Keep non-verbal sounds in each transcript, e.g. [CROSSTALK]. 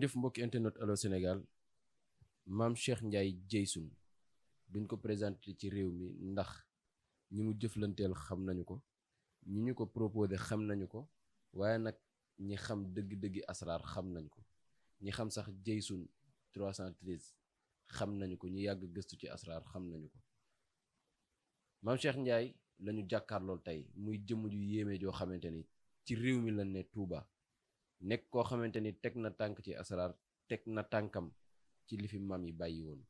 ngeen jëf mbokki internet Allô maam Cheikh Ndiaye Dieysoun duñ ko présenté ci réew mi ndax ñi mu jëflanteel xam nañu ko ñi ñu ko proposé xam nañu ko waaye nag ñi xam dëgg-dëggi asraar xam nañ ko ñi xam sax Dieysoun 313 xam nañu ko ñu yàgg gëstu ci asraar xam nañu ko maam Cheikh Ndiaye lañu jàkkaarlool tey muy jëmm ju yéeme joo xamante ni ci réew mi lañ ne Touba nekk koo xamante ni teg na tànk ci asaraar teg na tànkam ci li fi maam yi bàyyi woon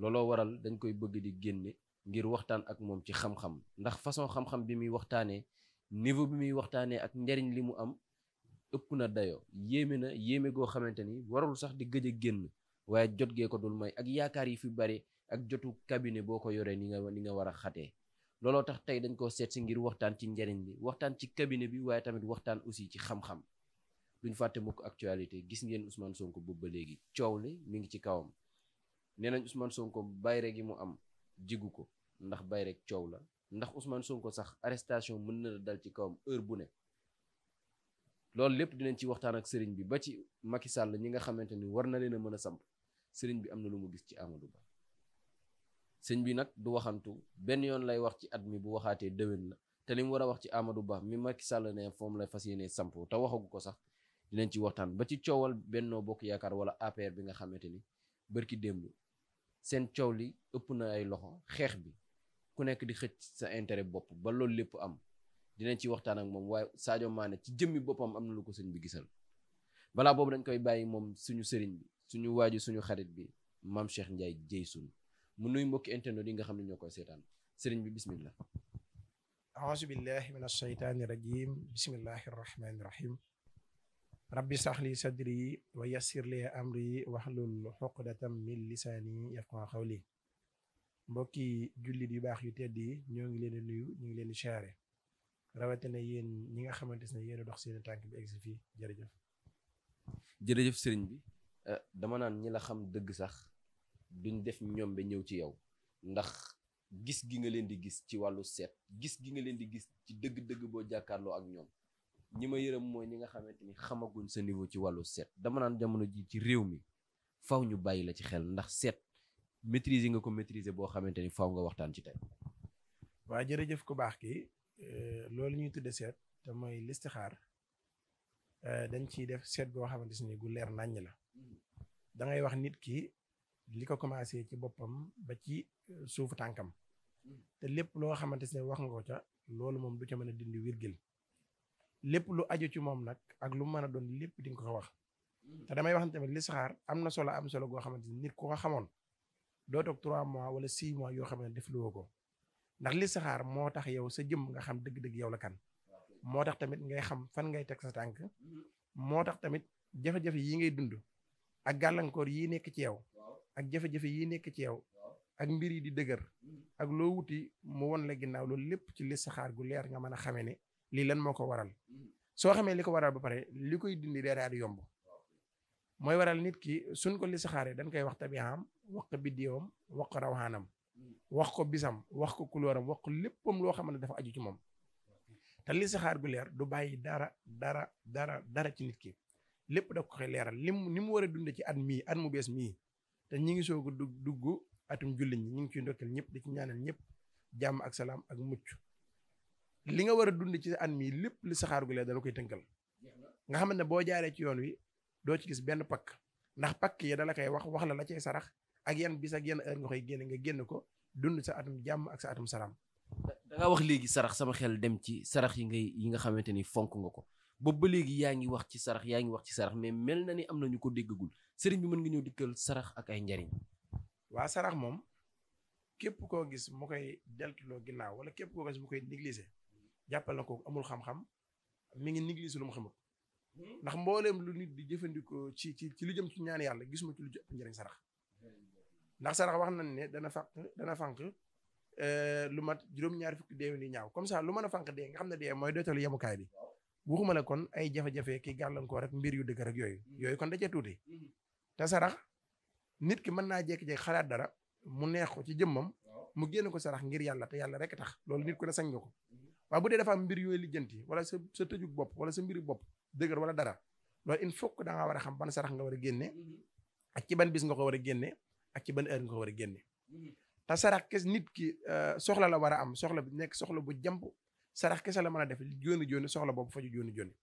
looloo waral dañ koy bëgg di génne ngir waxtaan ak moom ci xam-xam ndax façon xam-xam bi muy waxtaanee niveau bi muy waxtaanee ak njariñ li mu am ëpp na dayoo yéeme na yéeme goo xamante ni warul sax di gëj a génn waaye jot gee ko dul may ak yaakaar yi fi bare ak jotu cabinet boo ko yoree ni nga ni nga war a xatee looloo tax tey dañ koo seet si ngir waxtaan ci njariñ li waxtaan ci cabinet bi waaye tamit waxtaan aussi ci xam duñ fàtte mukk actualité gis ngeen Ousmane Sonko boobu ba léegi coow li mu ngi ci kawam nee nañ Ousmane Sonko bayre gi mu am jigu ko ndax bay rek coow la ndax Ousmane Sonko sax arrestation mën na dal ci kawam heure bu ne loolu lépp dinañ ci waxtaan ak sëriñ bi ba ci Macky sàll ñi nga xamante ni war na leen a mën a samp sëriñ bi am na lu mu gis ci Amadou Ba sëñ bi nag du waxantu benn yoon lay wax ci at mi bu waxaatee déwén la te li mu war a wax ci Amadou Ba mi Macky Sall ne lay fas yéene samp te waxagu ko sax dinañ ci waxtaan ba ci coowal Benno Bokk Yaakaar wala APR bi nga xamante ni bërki démb seen coow li ëpp na ay loxo xeex bi ku nekk di xëcc sa intérêt bopp ba lool lépp am dinañ ci waxtaan ak moom waaye Sadio Mané ci jëmmi boppam am na lu ko sëñ bi gisal balaa boobu dañ koy bàyyi moom suñu sëriñ bi suñu waaju suñu xarit bi maam Cheikh Ndiaye jëy sun mu nuy mbokki internet yi nga xam ne ñoo koy seetaan sëriñ bi bismillah aouzu billahi min ashaytaani rajim bismillahi rahmaani rahim rabbi saxli sadri wa yassir li amri waxlul xuqdatam min lisaani yafqahu xawli mbokki jullit yu baax yu tedd yi ñoo ngi leen di nuyu ñu ngi leen di siyaare rawatina yéen ñi nga xamante ne yéen dox seen tànk bi egsi fii jërëjëf. jërëjëf sëriñ bi eh, dama naan ñila xam dëgg sax duñ def ñoom ba ñëw ci yow ndax. gis gi nga leen di gis ci wàllu seet gis gi nga leen di gis ci dëgg-dëgg boo jàkkaarloo ak ñoom ñi ma yërëm mooy ñi nga xamante ni xamaguñ sa niveau ci wàllu seet dama naan jamono jii ci réew mi faw ñu bàyyi la ci xel ndax seet maîtriser nga ko maîtriser boo xamante ni faw nga waxtaan ci tey. waa jërëjëf ku baax ki euh, loolu ñuy tudde seet te mooy listixaar euh, dañ ciy def seet goo xamante ne gu leer naññ la da ngay wax nit ki li ko commencé ci boppam ba ci euh, suufu tànkam mm. te lépp loo xamante ne wax nga ko ca loolu moom du ca mën a dindi wirgil lépp lu aju ci moom nag ak lu mën a doon lépp di nga ko wax te damay wax tamit listixaar am na solo am solo goo xamante ni nit ku xamoon doo toog 3 mois wala 6 mois yoo xam ne def ko ndax listixaar moo tax yow sa jëm nga xam dëgg-dëgg yow la kan moo tax tamit ngay xam fan ngay teg sa tànk moo tax tamit jafe-jafe yi ngay dund ak gàllankoor yi nekk ci yow ak jafe-jafe yi nekk ci yow ak mbir yi di dëgër ak loo wuti mu won la ginnaaw loolu lépp ci listixaar gu leer nga mën a xamee ne lii lan moo ko waral mm-hmm. soo xamee li ko waral ba pare li koy dindi day yomb mooy waral nit ki suñ ko li listixaaree dañ koy wax am wax ko biddiwam wax ko rawaanam mm-hmm. wax ko bisam wax ko kulóoram wax ko léppam loo xam ne dafa aju ci moom te saxaar gu leer du bàyyi dara dara dara dara ci nit ki lépp da ko koy leeral lim ni mu war a dund ci at mii at mu bees mii te ñi ngi soog a dugg atum jullit ñi ñu ngi ciy ndokkeel ñëpp di ci ñaanal ñëpp jàmm ak salaam ak mucc li nga war a dund ci an mii lépp li saxaar gu lee dala koy tënkal nga xamante ne boo jaaree ci yoon wi doo ci gis benn pakk ndax pakk yi dala koy wax wax la la cay sarax ak yan bis ak yan heure nga nga génn ko dund sa atum jàmm ak sa atum salaam. da wax léegi sarax sama xel dem ci sarax yi ngay yi nga xamante ni fonk nga ko boobu ba léegi yaa ngi wax ci sarax yaa ngi wax ci sarax mais mel na ni am na ñu ko déggagul sëriñ bi mën nga ñëw dikkal sarax ak ay njariñ. waa sarax moom képp koo gis mu koy deltuloo ginnaaw wala képp ko gis mu koy négliger jàppal na ko amul xam-xam mi ngi négligé lu mu xamul hmm? ndax mbooleem lu nit di jëfandikoo ci ci ci lu jëm ci ñaan yàlla gisuma ci lu jëm njëriñ sarax ndax sarax wax nañ ne dana fànq dana fànq eh, lu mat juróom-ñaari fukki deewe ni ñaaw comme ça lu mën a fànq dee nga xam ne dee mooy doytalu yemukaay bi waxuma la kon ay jafe-jafe ki gàllankoor rek mbir yu dëgg rek yooyu hmm. yooyu kon da cee tuuti hmm. te sarax nit ki mën naa jékki-jékki xalaat dara mu neex ko ci jëmmam mu génn ko sarax ngir yàlla te yàlla rek tax loolu nit ku sañ nga ko waaye bu dee dafa am mbir yooyu lijjanti wala sa sa tëjug bopp wala sa mbiri bopp dëgër wala dara loolu il faut que da war a xam ban sarax nga war a génne mhm. ak ci ban bis nga ko war a génne ak ci ban heure nga ko war a génne mhm. te sarax kes nit ki euh, soxla la war a am soxla bi nekk soxla bu jàmp sarax kese la mën a def jooni jooni soxla boobu faju jooni jooni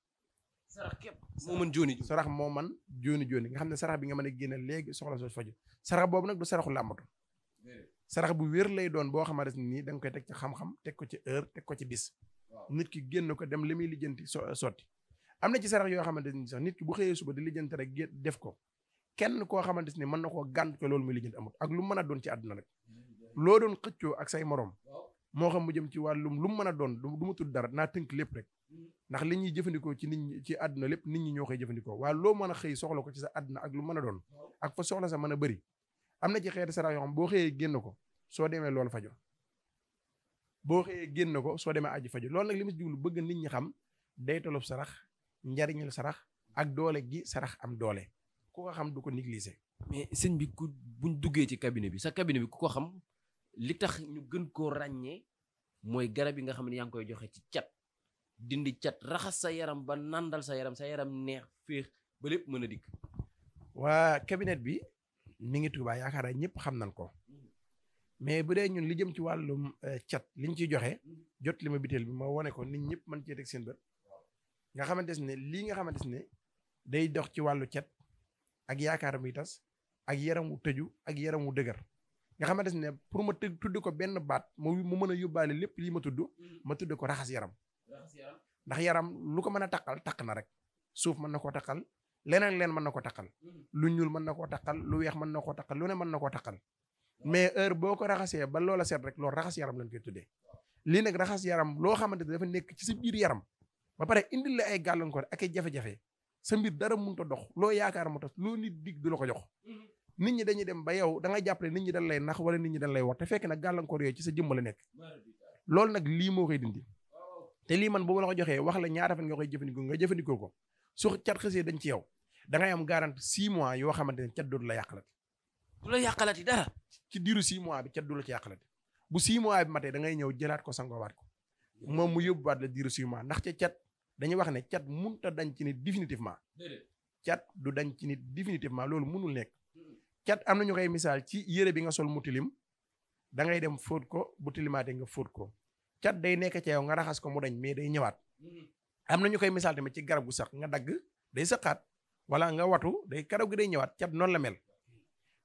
sarax képp moo mën jooni sarax moo mën jooni jooni nga xam ne sarax bi nga mën a génne léegi soxla soo faju sarax boobu nag du saraxu làmbatu sarax bu wér lay doon boo xamante ni nii danga koy teg ci xam-xam teg ko ci heure teg ko ci bis nit ki génn ko dem li muy lijjanti so sotti am na ci sarax yoo xamante ni sax nit ki bu xëyee suba di lijjanti rek def ko kenn koo xamante ni mën na koo gànt ko loolu muy lijjanti amut ak lu mën a doon ci àdduna rek loo doon ak say morom moo xam mu jëm ci wàllum lu mu mën a doon du ma tudd dara naa tënk lépp rek mm. ndax li ñuy jëfandikoo ci nit ñi ci àdduna lépp nit ñi ñoo koy jëfandikoo waa loo mën a xëy soxla ko ci sa àdduna ak lu mën a doon ak fa soxla sa mën a bëri am na ci xeeti sarax yoo xam boo xëyee génn ko soo demee loolu faju boo xëyee génn ko soo demee aji faju lool nag li mu si jublu bëgg nit ñi xam daytalub sarax njariñul sarax ak doole gi sarax am doole ku ko xam du ko négliger. mais sëñ bi ku buñ duggee ci cabinet bi sa cabinet bi ku ko xam li tax ñu gën koo ràññee mooy garab yi nga xam ne yaa ngi koy joxe ci cat dindi cat raxas sa yaram ba nandal sa yaram sa yaram neex féex ba lépp mën a dikk. waa cabinet mi ngi Touba yaakaar naa ñëpp xam nañ ko mais bu dee ñun li jëm ci wàllu eh, cat liñ ciy joxe jot li ma biteel bi ma wane ko nit ñëpp man cee teg seen bët nga xamante ne lii nga xamante ne day dox ci wàllu cet ak yaakaar muy tas ak yaram wu tëju ak yaram wu dëgër nga xamante ne pour ma tudd ko benn baat mu mu mën a yóbbaale lépp lii ma tudd ma tudd ko raxas yaram. ndax yaram lu ko mën a taqal taq na rek suuf mën na koo taqal leneen leen mën na ko taqal mhm. lu ñuul mën na koo taqal lu weex mën na koo taqal lu ne mën na koo taqal mais heure boo ko raxasee ba loola seet rek loolu raxas yaram lañ koy tuddee lii nag raxas yaram loo xamante ne dafa nekk ci sa biir yaram ba pare indil la ay gàllankoor ak ay jafe sa mbir dara mënut a dox loo yaakaar mu tas loo nit dig du la ko mhm. nit ñi dañuy dem ba yow da nga nit ñi dañ lay nax wala nit ñi dañ lay war te fekk nag gàllankoor yooyu ci sa jëmm la nekk loolu nag lii moo koy dindi te lii man bu ma la ko joxee wax la ñaata fan nga koy jëfandikoo nga jëfandikoo ko su cat xasee dañ ci yow dangay am garanti 6 mois yoo xamante ne cat dootu la yàqalati. du la yàqalati dara. ci diiru 6 mois bi cat du la ci yàqalati bu 6 mois bi matee da ngay ñëw jëlaat ko sangowaat ko moom mu yóbbuwaat la diiru 6 ndax ca cat dañuy wax ne cat mënut a dañ ci nit définitivement. cat du dañ ci nit définitivement loolu mënul nekk. cat am na ñu koy misaal ci yére bi nga sol mu tilim da dem fóot ko bu tilimaatee nga fóot ko cat day nekk ci yow nga raxas ko mu dañ mais day ñëwaat mm-hmm. am na ñu koy misaal tamit ci garab gu sax nga dagg day saqaat wala nga watu day karaw gi day ñëwaat cat noonu la mel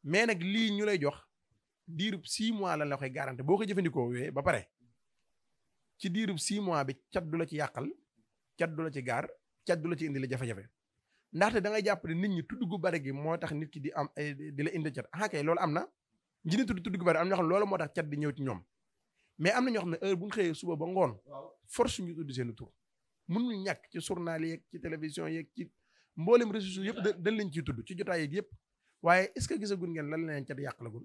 mais nag lii ñu lay jox diirub 6 mois lan la koy garanti boo ko jëfandikoo wee ba pare ci diirub 6 mois bi cat du la ci yàqal cat du la ci gaar cat du la ci indi la jafe-jafe ndaxte da ngay jàpp ne nit ñi tudd gu bari gi moo tax nit ki di am eh, di la indi cat ah kay loolu am na ñi tudd tudd gu bari am na loolu moo tax cat di ñëw ci ñoom mais am na ñoox xam ne heure bu ñu suba ba ngoon force ñu tudd seen tur mënul ñàkk ci journal yeeg ci télévision yeeg ci mboolem ressources yëpp dañ leen ciy tudd ci jotaay yëpp waaye est ce que ngeen lan leen cat yàq gun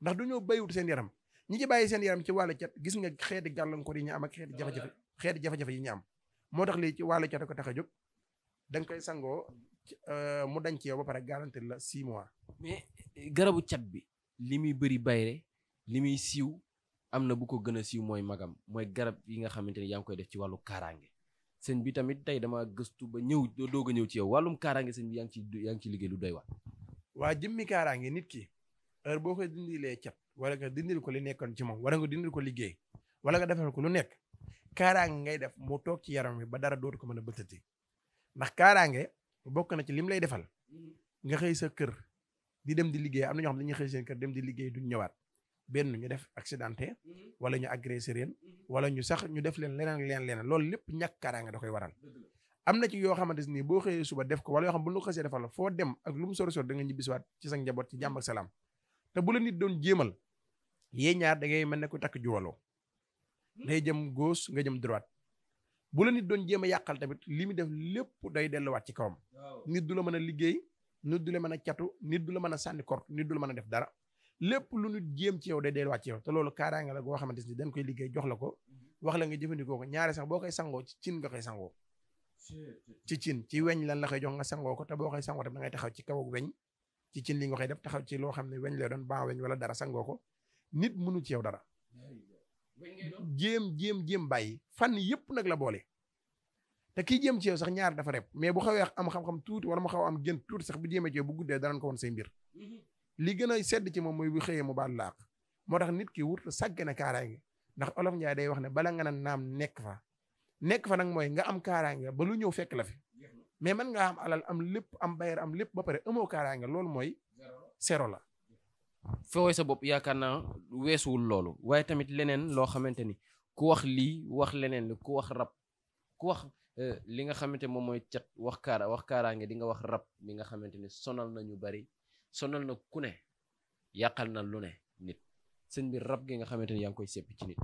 ndax du ñoo bayiwut seen yaram ñi ci bàyyi seen yaram ci wàllu cat gis nga xeeti gàllankoor yi ñu am ak xeeti jafe-jafe xeeti jafe ñu am moo tax lii ci wàllu cat ko tax a jóg koy sangoo euh, mu dañ ci yow ba pare garantir la six mois mais euh, garabu cat bi li muy bëri bayre li muy siiw am na bu ko gën a siiw mooy magam mooy garab yi nga xamante ni yaa ngi koy def ci wàllu kaaraange sëñ bi tamit tey dama gëstu ba ñëw doog a ñëw ci yow wàllum kaaraange sëñ bi yaa ngi ci yaa ngi ci liggéey lu doy waar waa jëmmi kaaraange nit ki heure boo koy dindilee cat wala nga dindil ko li nekkoon ci moom wala nga dindil ko liggéey wala nga defal ko lu nekk kaaraange ngay def mu toog ci yaram wi ba dara dootu ko mën a bëttati ndax kaaraange bokk na ci lim lay defal mm. nga xëy sa kër di dem di liggéey am na ñoo xam dañuy xëy seen kër dem di liggéey duñ ñëwaat benn ñu def accidenté mhm. wala ñu agressé leen mhm. wala ñu sax ñu def leen leneen leen leneen loolu lépp ñàkk kaaraange da koy waral am na ci yoo xamante ni boo xëyee suba def ko wala yoo xam bu ñu ko xasee defal foo dem ak lu mu sori sori da nga ñibbisiwaat ci sa njaboot ci jàmm ak salaam te bu la nit doon jéemal yee ñaar da ngay mel ne ku takk juwaloo day hmm? jëm gauche nga jëm droite bu la nit doon jéem a yàqal tamit li mu def lépp day delluwaat ci kawam nit du la mën a liggéey nit du la mën a catu nit du la mën a sànni kort nit du mën a def dara lépp lu nu jéem ci yow day delluwaat ci yow te loolu kaaraange la goo xamante ni dañ koy liggéey jox la ko mhm. wax la nga jëfandikoo ko ñaare sax boo koy sangoo ci cin nga koy sangoo ci cin ci weñ lan la koy jox nga sangoo ko te boo koy sangoo tam da ngay taxaw ci kaw weñ ci cin li nga koy def taxaw ci loo xam ne weñ la doon ban weñ wala dara sangoo ko nit mënu ci yow dara jéem jéem jéem bàyyi fànn yëpp nag la boole te kii jéem ci yow sax mais bu xawee am xam-xam wala mu xaw am gën tuuti sax bu jéemee ci yow bu guddee danañ ko woon say mbir mhm. li gën a sedd ci moom mooy bu xëyee mu baal laaq moo tax nit ki wut sàggane kaaraange ndax olof Njaay day wax ne bala nga naan naam nekk fa nekk fa nag mooy nga am kaaraange ba lu ñëw fekk la fi mais man nga am alal am lépp am bayar am lépp ba pare amoo kaaraange loolu mooy sero la fooy sa bopp yaakaar naa weesuwul loolu waaye tamit leneen loo xamante ni ku wax lii wax leneen li ku wax rab ku wax euh, li nga xamante moom mooy cat wax kaara wax kaaraange di nga wax rab mi nga xamante ni sonal nañu bari sonal na ku ne yàqal na lu ne nit sëñ bi rab gi nga xamante ni yaa ngi koy seppi ci nit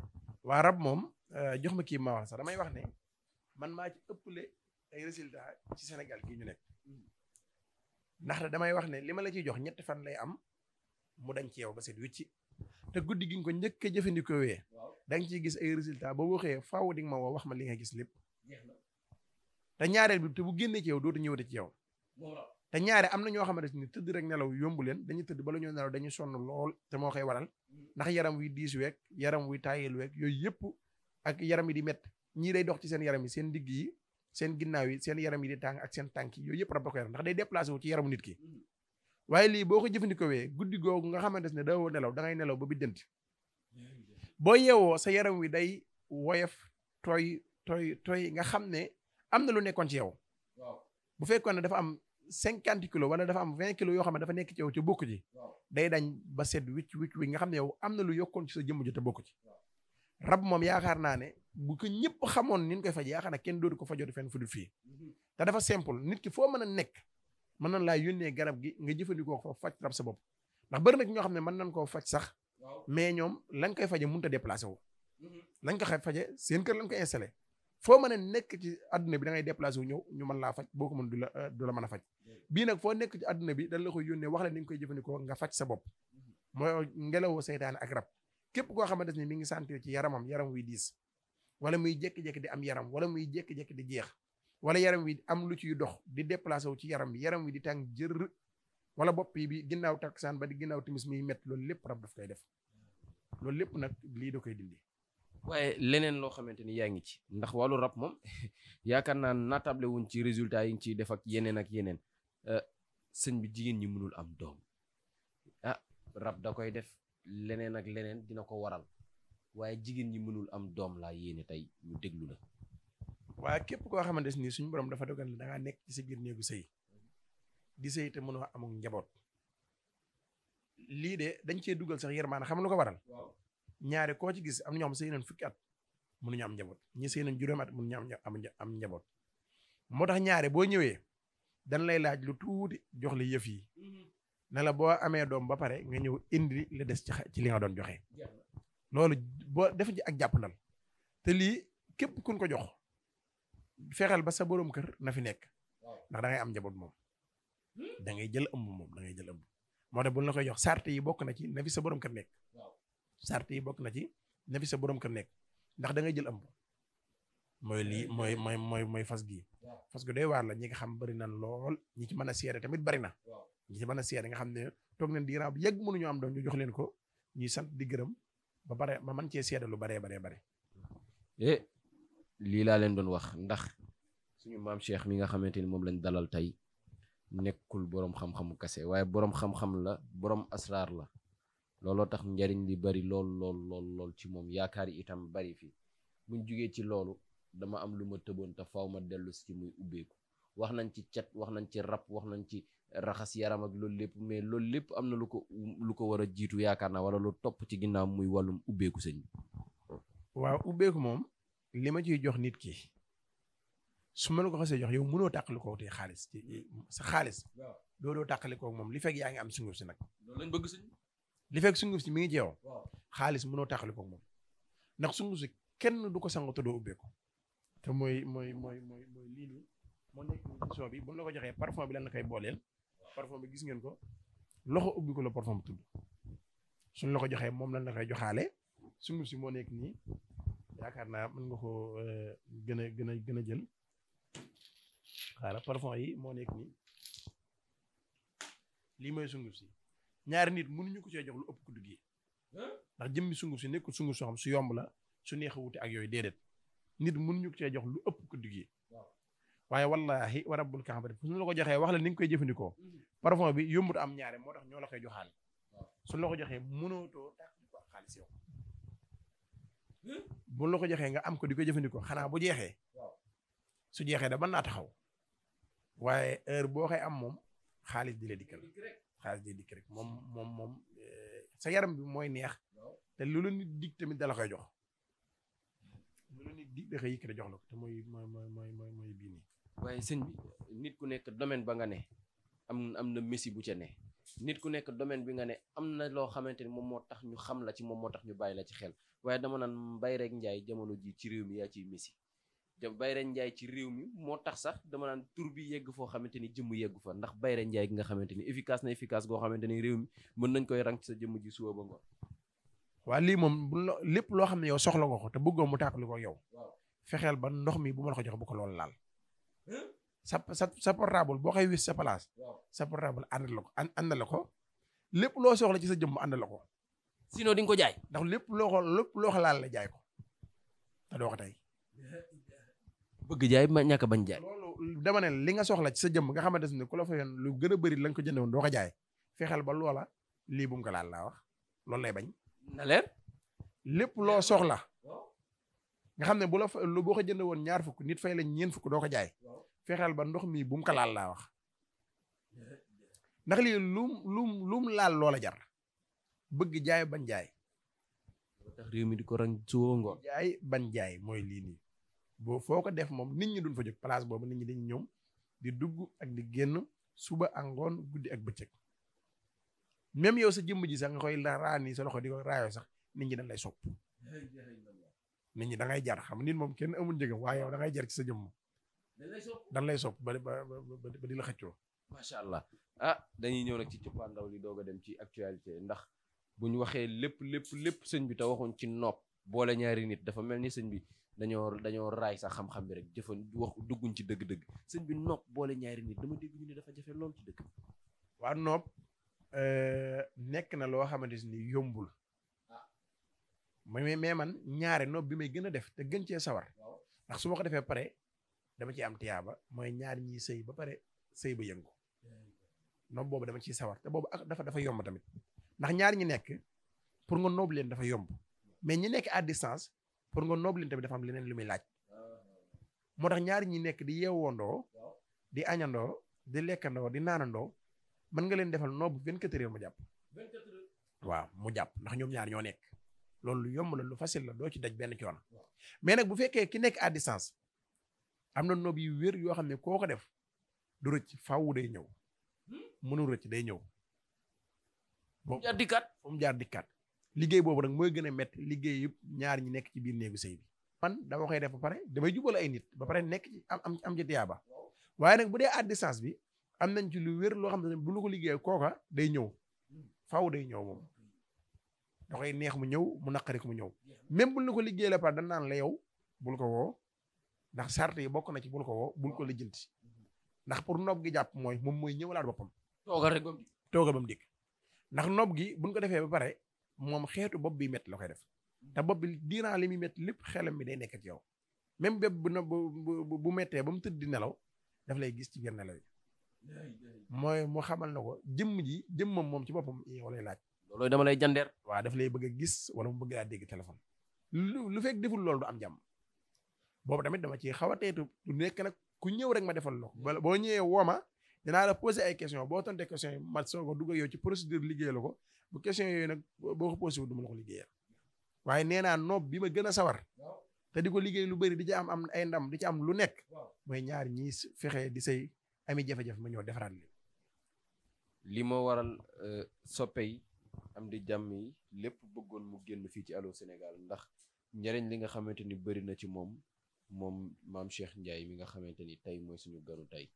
waa rab moom euh, jox ma kii ma wax sax damay wax ne man maa ci ëpple ay résultat ci Sénégal gi ñu nekk ndax damay wax ne li ma la ciy jox ñetti fan lay am mu dañ ci yow ba seet wicci te guddi gi nga ko njëkk a jëfandikoo wee ciy gis ay résultat boo waxee faaw di ma woo wax ma li nga gis lépp te ñaareel bi te bu génnee ci yow dootu ñëwate ci yow te ñaare am na ñoo xamante ni tëdd rek nelaw yombu leen dañuy tëdd bala ñoo nelaw dañuy sonn lool te moo koy waral mm. ndax yaram wi diis week yaram wi week yooyu yëpp ak yaram yi di mett ñii day dox ci seen yaram yi seen digg yi seen yi seen yaram yi di tàng ak seen tànk yooyu yëpp rab da koy yaram ndax day déplacé wu ci nit ki mm. waaye lii boo ko jëfandikoo guddi googu nga xamante ne dawoo nelaw da ngay nelaw ba biddanti boo yeewoo sa yaram wi day woyof tooy tooy tooy nga xam ne am na lu nekkoon ci yow bu fekkoon ne dafa am cinquante kilos wala dafa am vingt kilo yoo xam ne dafa nekk ci yow te bokk ci day dañ ba sedd wicc wicc wi nga xam ne yow am na lu yokkoon ci sa jëmm ji a bokk ci rab moom yaakaar naa ne bu ko ñëpp xamoon ni ñu koy faj yaakaar naa kenn dootu ko fajootu fenn fu fii mhm. te dafa simple nit ki foo mën a nekk mën nañ laa yónnee garab gi nga jëfandikoo ko faj rab sa bopp ndax bëri ñoo xam ne mën nañ koo faj sax mais ñoom lañ koy faje mun a déplacé wu mhm. lañ ko faje seen kër lañ ko installé foo mën a nekk ci àdduna bi da ngay wu ñëw ñu mën laa faj boo ko mën du la du la mën a faj bii nag foo nekk ci àdduna bi dañ la koy yónnee wax la ni nga koy jëfandikoo nga faj sa bopp mooy ngelawu seytaane ak rab képp koo xamante ni mi ngi sentir ci yaramam yaram wuy diis wala muy jékki di am yaram wala muy jékki-jékki di jeex wala yaram wi am lu ciy dox di déplacé wu ci yaram bi yaram wi di tàng jër wala bopp yi bi ginnaaw taksaan ba di ginnaaw timis muy métti loolu lépp rab daf koy def loolu lépp nag lii da koy dindi. waaye leneen loo xamante ni yaa ngi ci ndax wàllu rab moom [LAUGHS] yaakaar naa natable wuñ ci résultat yi ngi ciy def ak yeneen ak yeneen Euh, sëñ bi jigéen ñi mënul am doom ah, rab da koy def leneen ak leneen dina ko waral waaye jigéen ñi mënul am doom laa yéene tey ñu déglu la. waaye képp koo xamante ni suñu borom dafa dogal ne da nekk ci si biir néegu sëy di sëy te mënoo amul njaboot lii de dañ cee dugal sax yërmaana xam lu ko waral. ñaari koo ci gis am na ñoo xam sëy nañ fukki at mënuñu am njaboot ñi sëy nañ juróomi at mënuñu am am njaboot moo tax ñaare boo ñëwee. dañ lay laaj lu tuuti jox la yëf yi mhm. na la boo amee doom ba pare nga ñëw indi la des ci ci li nga doon joxe. loolu boo def ci ak jàpp ndal te lii képp kun ko jox fexeel ba sa borom kër na fi nekk ndax da am njaboot moom hmm? da jël amu moom da ngay jël ëmb moo tax bu la koy jox sart yi bokk na ci na fi sa borom kër nekk sart yi bokk na ci na fi sa borom kër nekk ndax da ngay jël ëmb mooy eh, lii eh. mooy mooy mooy mooy fas gi fas gi doy waar la ñi nga xam bari nan lool ñi ci mën a seere tamit bari na ñi ci mën a seere nga xam ne toog nañ di raab yegg ñoo am doom ñu jox leen ko ñuy sant di gërëm ba bare ma man cee seede lu baree baree bare eh, lii laa leen doon wax ndax suñu maam Cheikh mi nga xamante ni moom lañ dalal tey nekkul boroom xam-xamu kase waaye boroom xam-xam la boroom asraar la looloo tax njariñ li bari lool lool lool ci moom yaakaar yi itam bari fi buñ jugee ci loolu dama am lu ma tëboon te faaw ma dellu si muy ubbeeku wax nañ ci cat wax nañ ci rab wax nañ ci raxas yaram ak loolu lépp mais loolu lépp am na lu ko lu ko war a jiitu yaakaar na wala lu topp ci ginnaaw muy wàllum ubbeeku sëñ bi waaw ubbeeku moom li ma ciy jox nit ki su ma la ko xasee jox yow mënoo tàqalikoo te xaalis ci sa xaalis doodoo tàqalikoo moom li fekk yaa ngi am sunguf si nag loolu lañ bëgg sëñ li fekk sunguf si mi ngi jeew xaalis mënoo tàqalikoo moom ndax sunguf si kenn du ko sangu te doo ubbeeku te mooy mooy mooy mooy lii nii moo nekk émission bi bu ñu la ko joxee parfum bi lan la koy booleel parfum bi gis ngeen ko loxo ubbi ko la parfum bi tudd suñ la ko joxee moom lan la koy joxaale sunguf si moo nekk nii yaakaar naa mën nga ko euh, gën a gën a gën a jël xaaral yi moo nekk nii lii mooy sunguf si ñaari nit mënuñu ko cee jox lu ëpp ku gi ndax jëmmi sunguf si nekkul sunguf soo xam su yomb la su neex a wuti ak yooyu déedéet nit mënuñu ñu cee jox lu ëpp ko duggee waaye wallahi wa rabbul kaaba suñu la ko joxee wax la ni nga koy jëfandikoo mm-hmm. parfum bi yombut am ñaare moo tax ñoo la koy joxaale suñu la ko joxee mënootoo tàq hmm? ko joxee nga am ko di ko jëfandikoo xanaa bu jeexee su jeexee da mën naa taxaw waaye heure boo koy am moom xaalis di la dikkal xaalis di dikk rek moom moom moom eh, sa yaram bi mooy neex te lu la nit dig tamit dala koy jox lu nit di da koy yëkkati jox la ko te mooy mooy mooy mooy mooy bii nii. waaye sëñ bi nit ku nekk domaine ba nga ne am am na messi bu ca ne nit ku nekk domaine bi nga ne am na loo xamante ni moom moo tax ñu xam la ci moom moo tax ñu bàyyi la ci xel waaye dama naan Mbaye Rek Ndiaye jamono ji ci réew mi yaa ciy messi te Mbaye Rek Ndiaye ci réew mi moo tax sax dama naan tur bi yegg foo xamante ni jëmm yeggu fa ndax Mbaye Rek gi nga xamante ni efficace na efficace goo xamante ni réew mën nañ koy rang ci sa jëmm ji suba ba ngoon waa lii moom bu lépp loo xam ne yow soxla nga ko te bëggoo mu tàqali ko yow fexeel ba ndox mi bu ma la jox bu ko loolu laal sa sa boo koy wis sa place sa portable ànd la ko lépp loo soxla ci sa jëmm ànd la ko. sinon ko jaay. ndax lépp loo ko laal la jaay ko te doo ko tey. bëgg jaay ma ñàkk bañ jaay. loolu li nga soxla ci sa jëmm nga xamante ne ku la fa yoon lu gën a bëri la nga ko jëndee woon ko jaay fexeel ba loola lii bum mu ko laal laa wax loolu lay bañ. na leer lépp loo soxla nga xam ne bu la lu boo ko jënd woon ñaar fukk nit fay la ñeen fukk doo ko jaay fexeel ba ndox mii bu mu laal laa wax ndax lii lum lum lum laal loola jar bëgg jaay bañ jaay tax réew mi di ko rang suba ngoon jaay ba njaay mooy lii nii boo foo ko def moom nit ñi duñ fa jóg place boobu nit ñi dañ ñoom di dugg ak di génn suba ak ngoon guddi ak bëccëg même yow sa jëmm ji sax nga koy raani sa loxo di ko raayoo sax nit ñi dañ lay sopp nit ñi da jar xam nit moom kenn amul njëgam waaye yow da jar ci sa jëmm. dañ lay sopp ba ba ba di la xëccoo. macha allah ah dañuy ñëw nag ci ndaw li doog a dem ci actualité ndax bu ñu waxee lépp lépp lépp sëñ bi te waxuñ ci nopp boole ñaari nit dafa mel ni sëñ bi dañoo dañoo raay sax xam-xam bi rek jëfan wax dugguñ ci dëgg-dëgg sëñ bi nopp boole ñaari nit dama dégg ñu ne dafa jafe lool ci dëgg. nekk na loo xamante ni yombul ah. mais mais man ñaare noob bi may gën a def te gën cee sawar ndax su ma ko defee pare dama ci am tiyaaba mooy ñaar ñiy sëy ba pare sëy ba yëngu noob boobu dama ciy sawar te boobu ak dafa dafa yomb tamit ndax ñaar ñi nekk pour nga noob leen dafa yomb mais ñi nekk à pour nga noob leen tamit dafa am leneen lu muy laaj ah. moo tax ñaar ñi nekk di yeewandoo di añandoo di lekkandoo di naanandoo mën nga leen defal noobu 24 heures mu jàpp. waaw mu jàpp ndax ñoom ñaar ñoo nekk. loolu lu yomb la lu facile la doo ci daj benn coono. mais nag bu fekkee ki nekk a distance am na noob yu wér yoo xam ne koo ko def du rëcc faw day ñëw hmm? mënul rëcc day ñëw. mu jaar mu jaar dikkaat liggéey boobu nag mooy gën a métti liggéey yëpp ñaar ñi nekk ci biir néegu sëy bi. man dama koy def ba pare damay jubal ay nit ba pare nekk ci am am am ci tiyaaba waaye nag bu dee à distance bi am nañ ci lu wér loo xam ne bu nu ko liggéey kooka day ñëw faw day ñëw moom da koy neex mu ñëw mu naqari mu ñëw même bul na ko liggéey la par dañ la yow bul ko woo ndax sart yi bokk na ci bul ko woo bul ko lijjanti ndax pour nob gi jàpp mooy moom mooy ñëwalaat boppam. toogal rek toogal ba mu dikk ndax nob gi buñ ko defee ba pare moom xeetu bopp bi métti la koy def te bopp bi dinaa li muy métti lépp xelam mi day nekk ci yow même bépp bu bu bu méttee ba mu tëdd di nelaw daf lay gis ci biir nelaw yi mooy mu xamal na ko jëmm ji jëmmam moom ci boppam yow lay laaj. loolu dama lay jandeer. waa daf lay bëgg a gis wala mu bëgg laa dégg téléphone. lu fekk deful loolu du am jam boobu tamit dama ci xaw a teetu du nekk ku ñëw rek ma defal loo bala boo ñëwee wooma dinaa la posé ay question boo tontee question yi ma soog a dugg ak ci procédure liggéey la ko bu question yooyu nag boo ko posé wu du ma la ko liggéeyal waaye nee naa noob bi ma gën a sawar te di ko liggéey lu bëri di ci am am ay ndam di ci am lu nekk mooy ñaar ñii fexe di say amee jafe-jafe ma ñëw defaraat leen. li moo waral euh, soppe yi am di jàmm yi lépp bëggoon mu génn fii ci Allô Sénégal ndax njëriñ li nga xamante ni bëri na ci moom moom maam Cheikh Ndiaye mi nga xamante ni tey mooy suñu ganu tey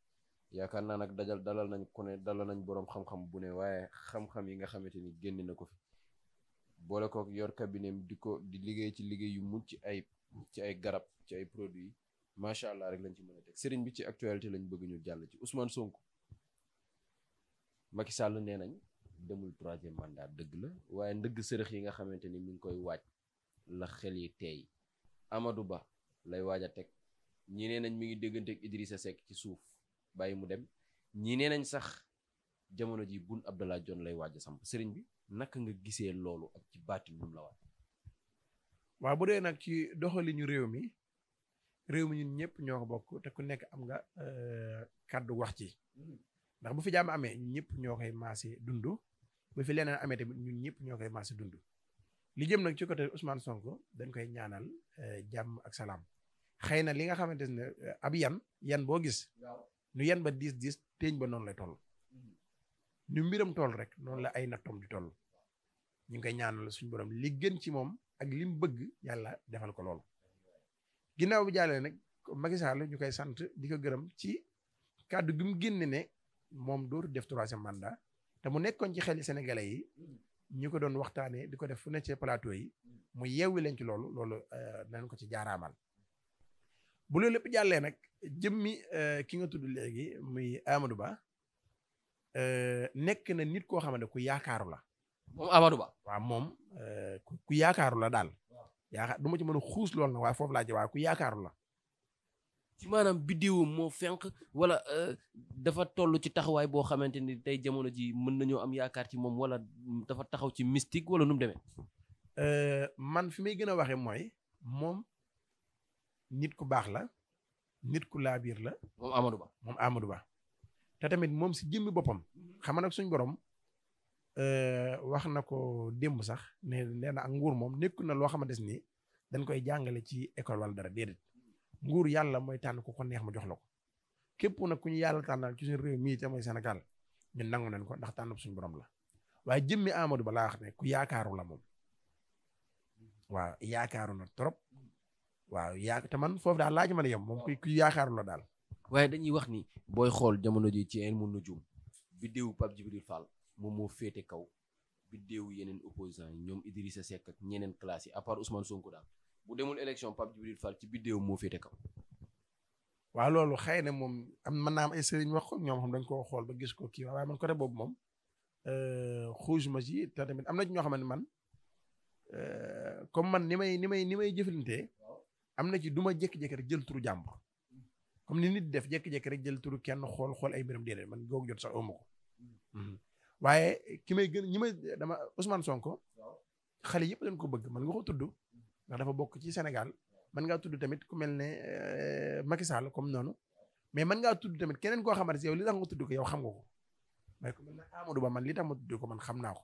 yaakaar naa nag dajal dalal nañ ku ne dalal nañ boroom xam-xam bu ne waaye xam-xam yi nga xamante ni génn na ko fi boole kook yor cabinet di ko di liggéey ci liggéey yu mucc ci ay ci ay garab ci ay produits macha allah rek lañ ci mën a teg sëriñ bi ci actualité lañ bëgg ñu jàll ci Ousmane Sonko Macky Sall nee nañ demul troisième mandat dëgg la waaye ndëgg sërëx yi nga xamante ni mu ngi koy waaj la xel yi teey Amadou Ba lay waaj a teg ñi nañ mi ngi déggante ak Idrissa Seck ci suuf bàyyi mu dem ñi nee nañ sax jamono ji Boun Abdallah Dionne lay waaj a samp sëriñ bi naka nga gisee loolu ak ci baatin lu mu la waaj. bu dee nag ci doxalinu réew mi. réew mi ñun ñëpp ñoo ko bokk te ku nekk am nga euh, kàddu wax ci ndax bu fi jàmm amee ñun ñëpp ñoo koy maase dundu bu fi leneen amee tamit ñëpp ñoo koy maase dund li jëm nag ci côté Ousmane Sonko dañ koy ñaanal euh, jàmm ak salaam xëy na li nga xamante ne euh, ab yan yan boo gis nu yan ba diis diis teeñ ba noonu lay toll mm-hmm. nu mbiram toll rek noonu la ay nattoom di toll ñu ngi koy ñaanal suñ borom li gën ci moom ak li mu bëgg yàlla defal ko loolu ginnaaw bi jàllee nag Macky Sall ñu koy sant di ko gërëm ci kàddu gi mu génne ne moom dootu def troisième mandat te mu nekkoon ci xeli sénégalais yi ñu ko doon waxtaanee di ko def fu ne ci plateau yi mu yeewi leen ci loolu loolu danañ eh, ko ci jaaraamal. bu loolu lépp jàllee nag jëmmi eh, ki nga tudd léegi muy Amadou Ba eh, nekk na nit koo xam ne ku yaakaaru la. moom Amadou Ba waaw moom ku yaakaaru la daal. yaakaar du ma ci mën a xuus lool na waaye foofu laa jëm waaye ku yaakaaru la. ci maanaam biddiwam moo fenq wala euh, dafa toll ci taxawaay boo xamante ni tey jamono ji mën nañoo am yaakaar ci moom wala dafa taxaw ci mystique wala nu mu demee. Euh, man fi may gën a waxee mooy moom nit ku baax la nit ku laabiir la. moom Amadou Ba moom Amadou Ba. te tamit moom si jëmmi boppam. Mm-hmm. xam nag suñ boroom wax na ko démb sax ne nee na ak nguur moom nekku na loo xamante ni dañ koy jàngale ci école wala dara déedéet nguur yàlla mooy tànn ku ko neex mu jox la ko képp nag ku ñu yàlla tànnal ci mii te mooy Sénégal ñun nangu ko ndax tànn suñu borom la waaye jëmmi Amadou Ba laa wax ne ku yaakaaru la moom waaw yaakaaru na trop waaw yaa te man foofu daal laaj ma ne yem moom ku ku yaakaaru daal. waaye dañuy wax ni booy xool jamono ji ci ilmu nujum biddewu Pape Djibril Fall moom moo féete kaw biddéewu yeneen opposants ñoom Idrissa Seck ak ñeneen classe à part Ousmane Sonko daal bu demul élection Pape Djibril Fall ci biddéewu moo féete kaw. waaw loolu xëy na moom am mën ay sëriñ wax ko ñoom dañ koo xool ba gis ko kii waaye man côté boobu moom euh, xuus ma tamit am na ci ñoo xamante man euh, comme man ni may ni may ni may jëflantee am na ci duma ma jékki-jékki rek jël turu jàmbur comme ni nit def jékki-jékki rek jël turu kenn xool xool ay mbiram déedéet man googu jot sax amu ko hmm. Hmm. waaye ki may gën ñi may dama Ousmane Sonko xale yëpp dañ ko bëgg mën nga ko tudd ndax dafa bokk ci senegal man ngaa tudd tamit ku mel ne euh, Macky Sall comme noonu mais mën ngaa tudd tamit keneen koo xamante si yow li tax nga tudd ko yow xam nga ko mais ku mel ne Amadou Ba man xam naa ko.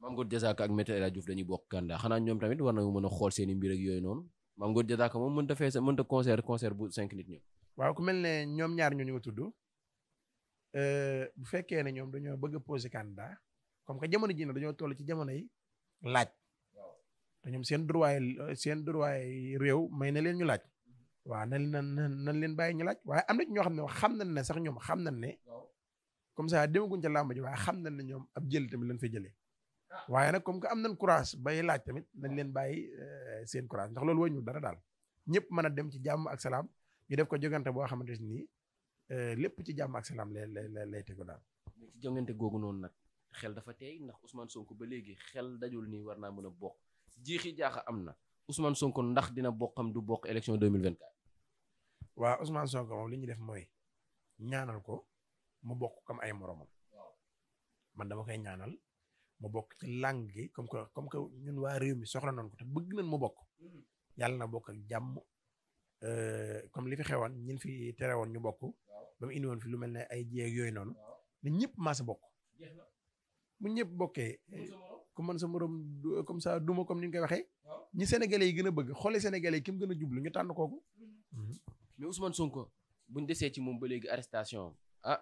Mame Goor Diazaka ak Maître El Hadji Diouf dañuy bokk kanda xanaa ñoom tamit war nañu mën a xool seen i mbir ak yooyu noonu Mame Goor Diazaka moom mënut a fees mënut a concert concert bu cinq nit ñoom. waaw ku mel ne ñoom ñaar ñu nga tudd Euh, bu fekkee ne ñoom dañoo bëgg a posé candidat comme que jamono ji na dañoo toll ci jamono laaj te ñoom seen droit seen droit réew may na leen ñu laaj waaw nan nan nan leen bàyyi ñu laaj waaye am na ci ñoo xam ne xam nañ ne sax ñoom xam nañ ne comme ça demaguñ ca làmb ji waaye xam nañ ne ñoom ab jël tamit lañ fay jëlee waaye nag comme que am nañ courage bay laaj tamit nañ leen bàyyi euh, seen courage ndax loolu ñu dara daal ñëpp mën a dem ci jàmm ak salaam ñu def ko jogante boo xamante ni Euh, lépp ci jàmm ak salaam lay lay lay tegu daal. ci jongante googu noonu nag xel dafa tey ndax Ousmane Sonko ba léegi xel dajul nii war naa mën a bokk jiixi jaaxa am na Ousmane Sonko ndax dina bokkam du bokk élection 2024. waaw Ousmane Sonko moom li ñu def mooy ñaanal ko mu bokk comme ay moromam. man dama koy ñaanal mu bokk ci làng gi comme que comme que ñun waa réew mi soxla nañ ko te bëgg nañ mu bokk. Mm-hmm. yàlla na bokk ak jàmm euh, comme li fi xewoon ñin fi tere woon ñu bokk. ba mu indi woon fi lu mel na ay jéeg yooyu noonu ne ñëpp maasa bokk bu ñëpp bokkee ku mën sa morom comme ça duma comme ni nga koy waxee ñi sénégalais yi gën a bëgg xoole sénégalais yi ki mu gën a jublu ñu tànn kooku mhm. mais Ousmane Sonko buñ desee ci moom ba léegi arrestation ah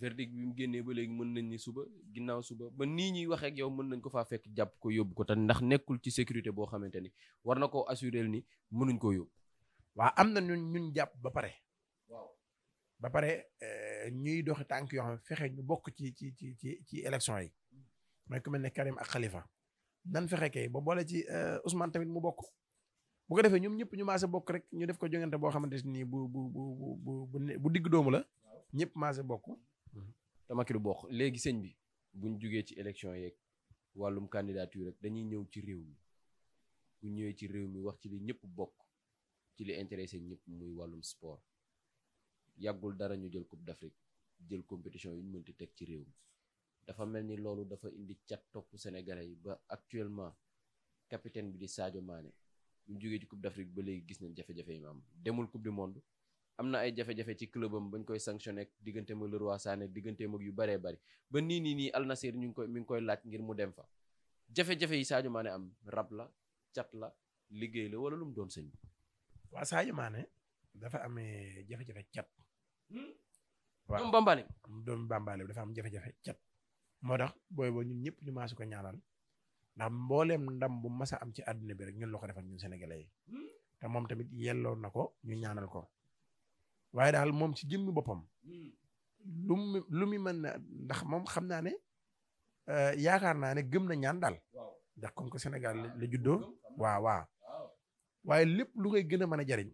verdict bi mu génnee ba léegi mën nañ ni suba ginnaaw suba ba nii ñuy waxee yow mën nañ ko faa fekk jàpp ko yóbbu ko te ndax nekkul ci sécurité boo xamante ni war na koo assuré ni mënuñ koo yóbbu waaw am na ñun ñun jàpp ba pare ba pare eh, ñuy doxi tànk yoo xam fexe ñu bokk ci ci ci ci ci élection yi mooy ku mel ne Karim ak Khalifa nan fexe kay ba boole ci eh, Ousmane tamit mu bokk bu ko defee ñoom ñëpp ñu maase bokk rek ñu def ko jongante boo xamante nii bu bu bu bu bu digg doomu la ñëpp maase bokk mhm. te Macky du bokk léegi sëñ bi buñ jugee ci élection yeeg wàllum candidature rek dañuy ñëw ci réew mi bu ñëwee ci réew mi wax ci li ñëpp bokk ci li intéressé ñëpp muy wàllum sport yàggul dara ñu jël coupe d'Afrique jël compétition yu ñu mënti teg ci réew mi dafa mel ni loolu dafa indi cat topp Sénégalais yi ba actuellement capitaine bi di saajo maane bu ñu jógee ci coupe d'Afrique ba léegi gis nañ jafe-jafe yi am demul coupe du monde am na ay jafe ci club am bañ koy sanctionné digganteem ak Leroy Sané digganteem ak yu baree bari ba nii nii nii Al Nassr ñu ngi koy mi ngi koy laaj ngir mu dem fa jafe-jafe yi saajo maane am rab la cat la liggéey la wala lu mu doon sëñ. waa saajo maane dafa amee jafe-jafe cat Hmm? waaw doomu bambali doomu bambali dafa am jafe cat moo tax booy boo ñun ñëpp ñu ko ñaanal ndax mbooleem ndam bu mas am ci àdduna bi rek ñun la ko defal ñun hmm? tamit yelloo na ko ñu ñaanal ko waaye daal moom ci jëmmi boppam hmm. lu mu lu na ndax moom xam naa ne euh, yaakaar naa ne gëm na ñaan daal ndax comme que ah, la juddoo waaw lépp lu koy gën a mën a jariñ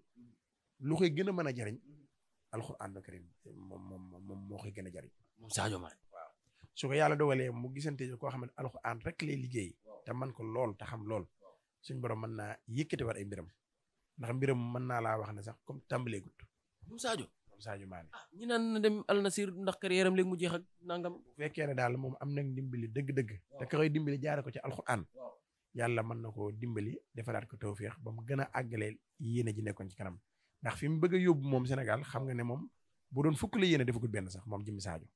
lu koy gën a mën a jariñ alxuraanul karim moom moom moom moo koy gën a jariñ. moom Sadio Mané su ko yàlla dogalee mu gisante koo xam ne alxuraan rek lay liggéey. te man ko lool te xam lool. suñ borom mën naa yëkkati war ay ndax mbiram mën naa laa wax ne sax comme tàmbalee gudd. moom Sadio moom Sadio ah, ñu naan na dem Al Nassr ndax carrière am léegi mu jeex ak nangam. bu fekkee ne daal moom am na ndimbali dëgg-dëgg. te ka koy dimbali jaare ko ci alxuraan. yàlla mën na koo dimbali defaraat ko tawféex ba mu gën a àggalee yéene ji nekkoon ci kanam ndax fi mu bëgg a yóbbu moom Sénégal xam nga ne moom bu doon fukk la yéene defagul benn sax moom Jimmy Sadio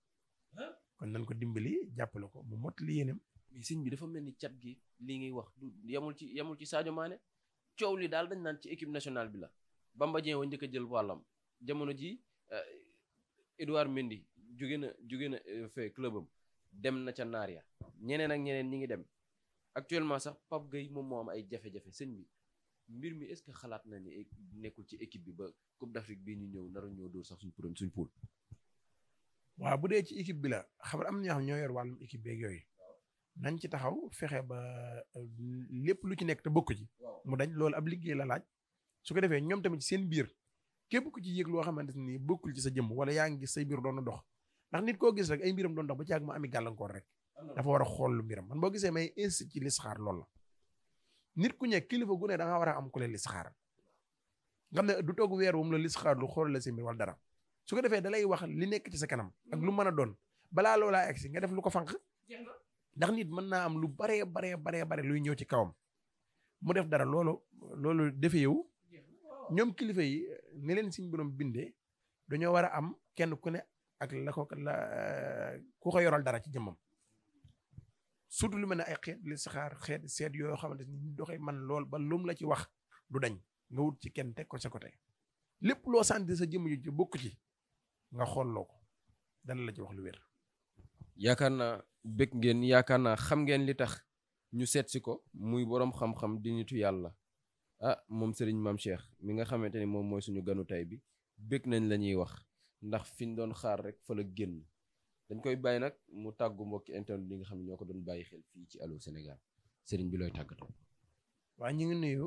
kon nañ ko dimbali jàppale ko mu mot li yéenam mais sëñ bi dafa mel ni cat gi lii ngay wax du yamul ci yamul ci Sadio Mané coow li daal dañ naan ci équipe nationale bi la Bamba Dieng wa njëkk a jël wàllam jamono ji euh, Edouard Mendy jóge na jóge na euh, fee club am dem na ca naar ya ñeneen ak ñeneen ñi ngi dem actuellement sax Pape Gueye moom moom ay jafe-jafe sëñ bi mbir mi est-ce que xalaat na ni e- nekkul ci équipe bi ba Coupe d'Afrique bii ñu ñëw naru ñoo dóor sax suñ problème suñ waaw bu dee ci équipe bi la xam na ñoo xam ñoo yor wàllum équipe beeg yooyu nañ ci taxaw fexe ba euh, lépp lu ci nekk te bokk ci mu dañ loolu ab liggéey la laaj su ko defee ñoom tamit seen biir képp ku ci yéeg loo xamante ni bokkul ci sa jëmm wala yaa ngi gis say biir doon dox ndax nit koo gis rek ay mbiram doon dox ba ci yàgg mu ami gàllankoor rek dafa war a xool lu mbiram man boo gisee may insist ci listixaar loolu la nit ku ñekk kilifa gu ne da a am kule leen listixaaral xam ne du toog weer wu mu la listixaar lu xool la si wal dara su ko defee dalay wax li nekk ci sa kanam ak lu mën a doon balaa loolaa egsi nga def lu ko fànq ndax nit mën naa am lu baree baree baree bare luy ñëw ci kawam mu def dara loolu loolu defe yow ñoom kilifa yi ne leen suñ borom bindee dañoo war a am kenn ku ne ak la ko la ku yoral dara ci jëmmam surtout lu mel ne ay xeet saxaar xeet seet yoo xamante ni ñu doxee man lool ba lum la ci wax du dañ nga wut ci kenn teg ko sa côté lépp loo santi sa jëmm ju ci bokk ci nga xolloo ko dana la ci wax lu wér. yaakaar naa bëgg ngeen yaakaar naa xam ngeen li tax ñu seet si ko muy boroom xam-xam di nitu yàlla ah moom Serigne Mame Cheikh mi nga xamante ni moom mooy suñu ganu tey bi bëgg nañ la ñuy wax ndax fi ñu doon xaar rek fa la génn. dañ koy bàyyi nag mu tàggu mbokki internet yi nga xam ne ñoo ko doon bàyyi xel fii ci Allô Sénégal sëriñ bi looy tàggatoo. waa ñu ngi nuyu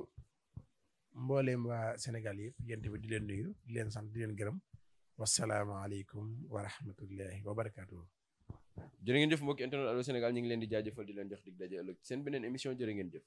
mbooleem waa Sénégal yëpp yéen tamit di leen nuyu di leen sant di leen gërëm wasalaamaaleykum wa rahmatullahi wa barakaatu. jërë ngeen jëf mbokki internet Allô Sénégal ñu ngi leen di jaajëfal di leen jox dig daje ëllëg seen beneen émission jërë ngeen jëf.